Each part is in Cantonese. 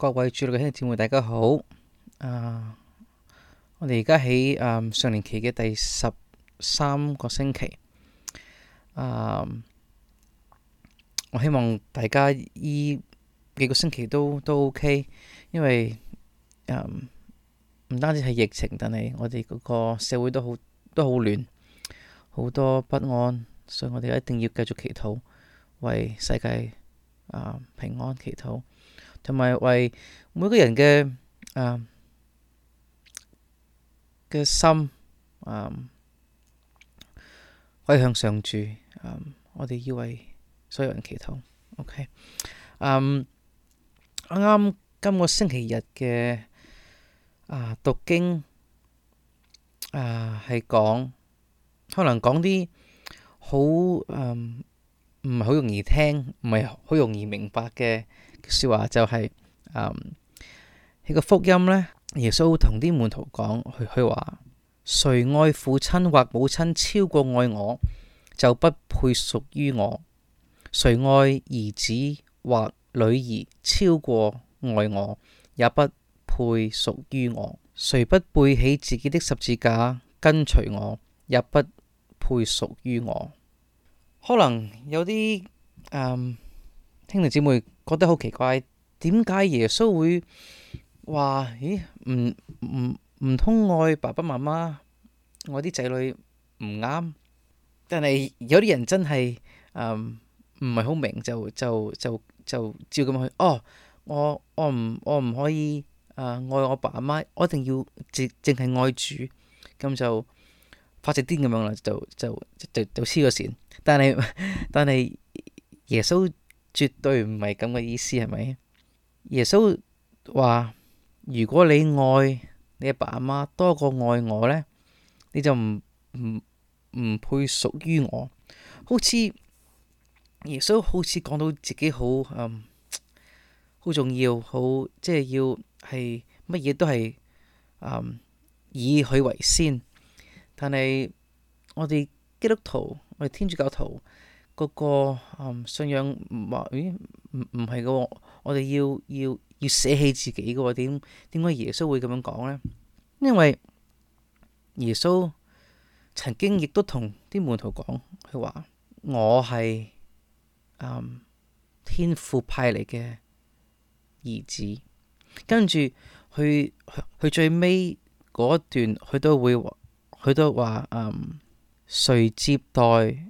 各位主內嘅兄弟姊妹，大家好。啊、uh,，我哋而家喺誒常年期嘅第十三個星期。啊、uh,，我希望大家呢幾個星期都都 OK，因為誒唔、um, 單止係疫情，但係我哋嗰個社會都好都好亂，好多不安，所以我哋一定要繼續祈禱，為世界啊、uh, 平安祈禱。同埋為每個人嘅嘅、啊、心，啊、可以向上主、啊，我哋要為所有人祈禱。OK，啱啱今個星期日嘅啊讀經啊係講可能講啲好唔唔係好容易聽，唔係好容易明白嘅。說話就係、是，嗯，呢、這個福音呢，耶穌同啲門徒講，佢佢話：誰愛父親或母親超過愛我，就不配屬於我；誰愛兒子或女兒超過愛我，也不配屬於我；誰不背起自己的十字架跟隨我，也不配屬於我。可能有啲，嗯。兄弟姊妹覺得好奇怪，點解耶穌會話咦，唔唔唔通愛爸爸媽媽，我啲仔女唔啱。但係有啲人真係誒唔係好明，就就就就，就照咁去。哦，我我唔我唔可以誒、呃、愛我爸阿媽，我一定要淨淨係愛主。咁就發成癲咁樣啦，就就就就黐咗線，但係但係耶穌。絕對唔係咁嘅意思，係咪？耶穌話：如果你愛你阿爸阿媽多過愛我呢，你就唔唔唔配屬於我。好似耶穌好似講到自己好嗯好重要，好即係要係乜嘢都係嗯以佢為先。但係我哋基督徒，我哋天主教徒。嗰個個、嗯、信仰唔係，咦、唔係嘅我哋要要要捨棄自己嘅喎、哦，點點解耶穌會咁樣講呢？因為耶穌曾經亦都同啲門徒講，佢話我係、嗯、天父派嚟嘅兒子，跟住佢去最尾嗰段，佢都會佢都話嗯，誰接待。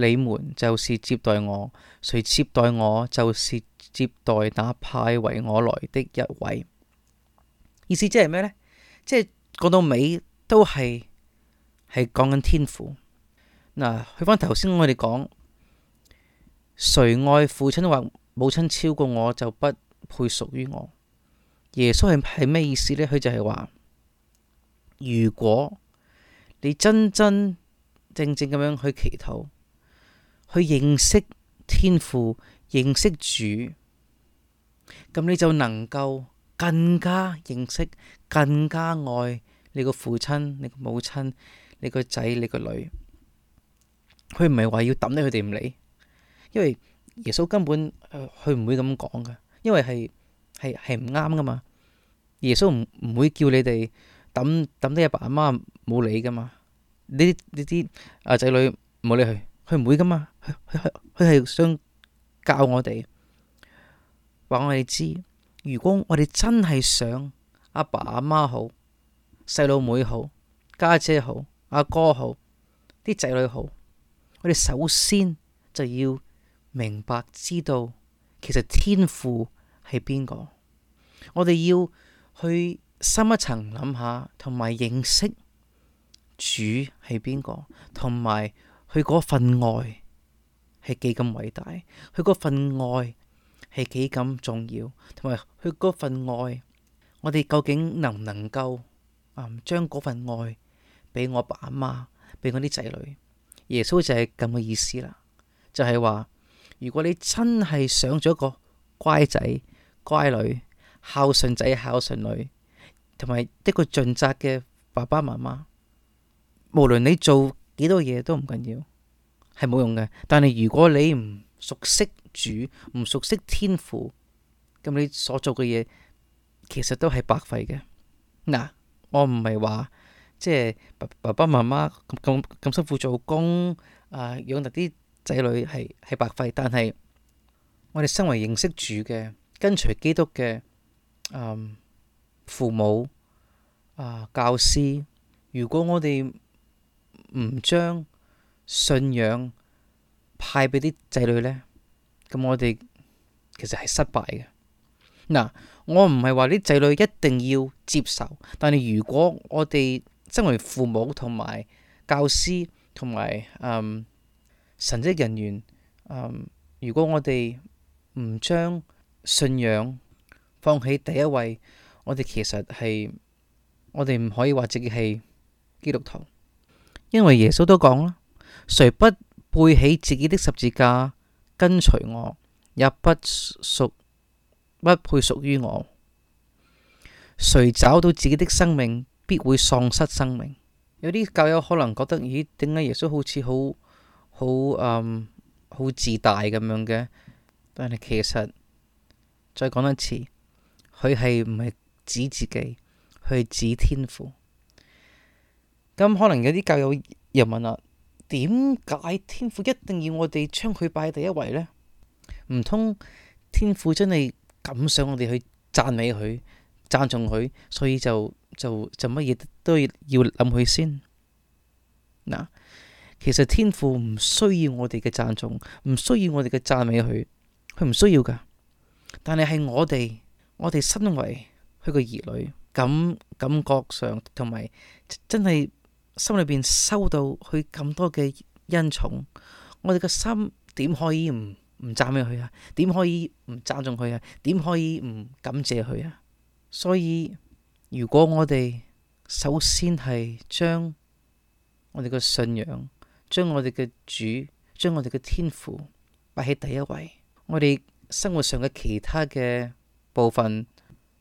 你們就是接待我，誰接待我，就是接待那派為我來的一位。意思即係咩呢？即係講到尾都係係講緊天父。嗱，去翻頭先我哋講，誰愛父親或母親超過我，就不配屬於我。耶穌係係咩意思呢？佢就係話，如果你真真正正咁樣去祈禱去認識天父，認識主，咁你就能夠更加認識、更加愛你個父親、你個母親、你個仔、你個女。佢唔係話要抌低佢哋唔理，因為耶穌根本佢唔、呃、會咁講噶，因為係係係唔啱噶嘛。耶穌唔唔會叫你哋抌抌低阿爸阿媽冇理噶嘛，呢啲，呢啲阿仔女冇理佢，佢唔會噶嘛。佢佢係想教我哋話我哋知，如果我哋真係想阿爸阿媽好、細佬妹、妹好、家姐、姐好、阿哥、哥好、啲仔女好，我哋首先就要明白知道，其實天父係邊個？我哋要去深一層諗下，同埋認識主係邊個，同埋佢嗰份愛，係幾咁偉大，佢嗰份愛係幾咁重要，同埋佢嗰份愛，我哋究竟能唔能夠啊將嗰份愛俾我爸阿媽，俾我啲仔女？耶穌就係咁嘅意思啦，就係話，如果你真係想做一個乖仔乖女、孝順仔孝順女，同埋一個盡責嘅爸爸媽媽，無論你做幾多嘢都唔緊要。係冇用嘅，但係如果你唔熟悉主，唔熟悉天父，咁你所做嘅嘢其實都係白費嘅。嗱，我唔係話即係爸爸爸媽媽咁咁辛苦做工啊、呃，養大啲仔女係係白費，但係我哋身為認識主嘅、跟隨基督嘅，嗯，父母啊、呃、教師，如果我哋唔將信仰派俾啲仔女呢，咁我哋其實係失敗嘅。嗱，我唔係話啲仔女一定要接受，但係如果我哋身為父母同埋教師同埋，嗯，神職人員，嗯，如果我哋唔將信仰放喺第一位，我哋其實係我哋唔可以話自己係基督徒，因為耶穌都講啦。誰不背起自己的十字架跟隨我，也不屬不配屬於我。誰找到自己的生命，必會喪失生命。 有啲教友可能覺得，咦，點解耶穌好似好好嗯好自大咁樣嘅？但係其實再講一次，佢係唔係指自己，佢係指天父。咁可能有啲教友又問啦。點解天父一定要我哋將佢擺喺第一位呢？唔通天父真係咁想我哋去讚美佢、讚頌佢，所以就就就乜嘢都要諗佢先？嗱，其實天父唔需要我哋嘅讚頌，唔需要我哋嘅讚美佢，佢唔需要噶。但係係我哋，我哋身為佢個兒女，感感覺上同埋真係。心裏邊收到佢咁多嘅恩寵，我哋個心點可以唔唔讚美佢啊？點可以唔讚頌佢啊？點可以唔感謝佢啊？所以如果我哋首先係將我哋嘅信仰、將我哋嘅主、將我哋嘅天父擺喺第一位，我哋生活上嘅其他嘅部分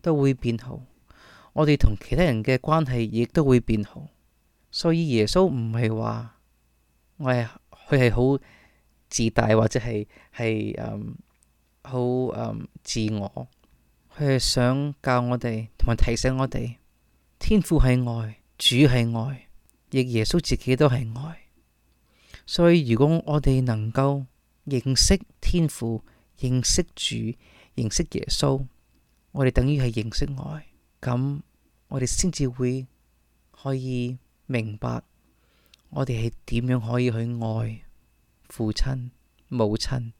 都會變好，我哋同其他人嘅關係亦都會變好。所以耶穌唔係話我係佢係好自大或者係係嗯好嗯自我，佢係想教我哋同埋提醒我哋天父係愛主係愛，亦耶穌自己都係愛。所以如果我哋能夠認識天父、認識主、認識耶穌，我哋等於係認識愛，咁我哋先至會可以。明白我哋係點樣可以去愛父親、母親、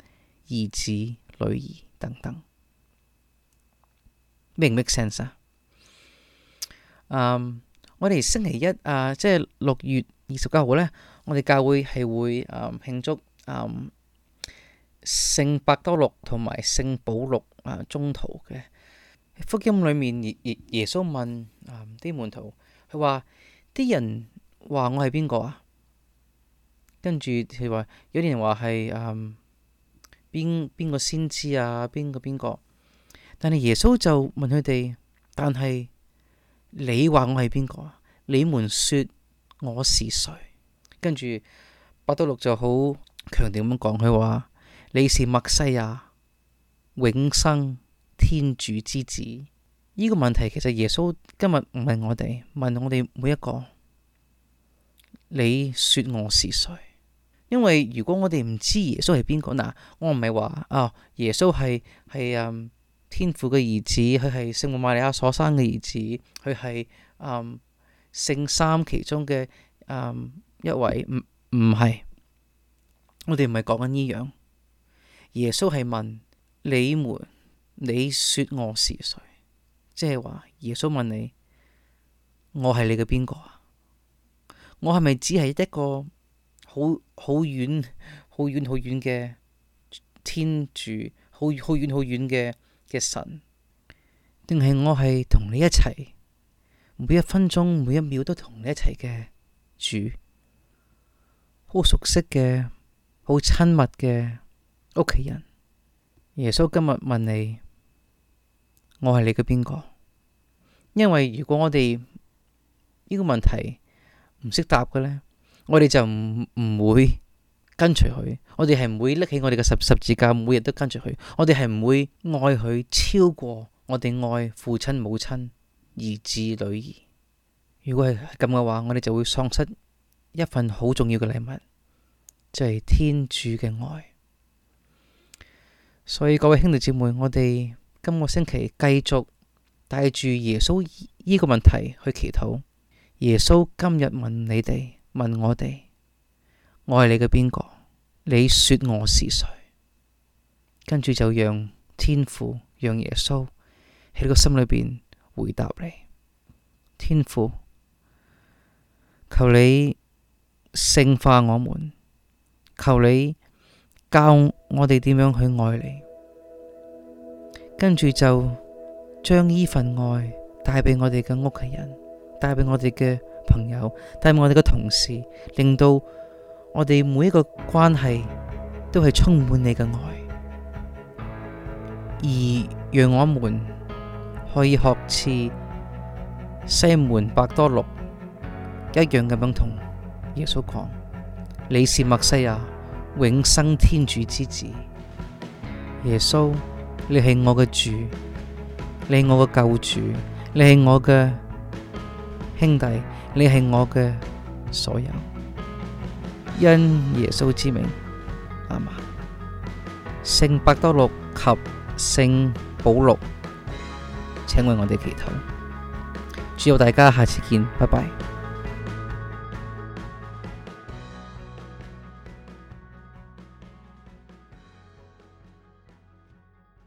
兒子、女兒等等，明唔明？make sense 我哋星期一啊，即係六月二十九號呢，我哋教會係會啊慶、嗯、祝啊、嗯、聖伯多禄同埋聖保禄啊宗徒嘅福音裏面，耶、耶穌問啲、嗯、門徒，佢話。啲人話我係邊個啊？跟住佢話有啲人話係嗯邊邊個先知啊？邊個邊個？但係耶穌就問佢哋，但係你話我係邊個啊？你們說我是誰？跟住伯多祿就好強調咁講佢話，你是默西亞，永生天主之子。呢個問題其實耶穌今日問我哋，問我哋每一個，你說我是誰？因為如果我哋唔知耶穌係邊個，嗱，我唔係話啊，耶穌係係嗯天父嘅兒子，佢係聖母瑪利亞所生嘅兒子，佢係嗯聖三其中嘅嗯一位，唔唔係我哋唔係講緊呢樣，耶穌係問你們，你說我是誰？即係話，耶穌問你：我係你嘅邊個啊？我係咪只係一個好好遠、好遠、好遠嘅天主？好、好遠、好遠嘅嘅神？定係我係同你一齊，每一分鐘、每一秒都同你一齊嘅主？好熟悉嘅、好親密嘅屋企人。耶穌今日問你。我係你嘅邊個？因為如果我哋呢個問題唔識答嘅呢，我哋就唔唔會跟隨佢。我哋係唔會拎起我哋嘅十十字架，每日都跟住佢。我哋係唔會愛佢超過我哋愛父親母親，兒子女兒。如果係咁嘅話，我哋就會喪失一份好重要嘅禮物，就係天主嘅愛。所以各位兄弟姐妹，我哋。今個星期繼續帶住耶穌依個問題去祈禱。耶穌今日問你哋，問我哋，我係你嘅邊個？你說我是誰？跟住就讓天父，讓耶穌喺個心裏邊回答你。天父，求你聖化我們，求你教我哋點樣去愛你。跟住就將呢份愛帶畀我哋嘅屋企人，帶畀我哋嘅朋友，帶俾我哋嘅同事，令到我哋每一個關係都係充滿你嘅愛，而讓我們可以學似西門伯多祿一樣咁樣同耶穌講：你是默西亞，永生天主之子，耶穌。你係我嘅主，你係我嘅救主，你係我嘅兄弟，你係我嘅所有。因耶穌之名，阿瑪。聖伯多祿及聖保祿，請為我哋祈禱。主佑大家下次見，拜拜。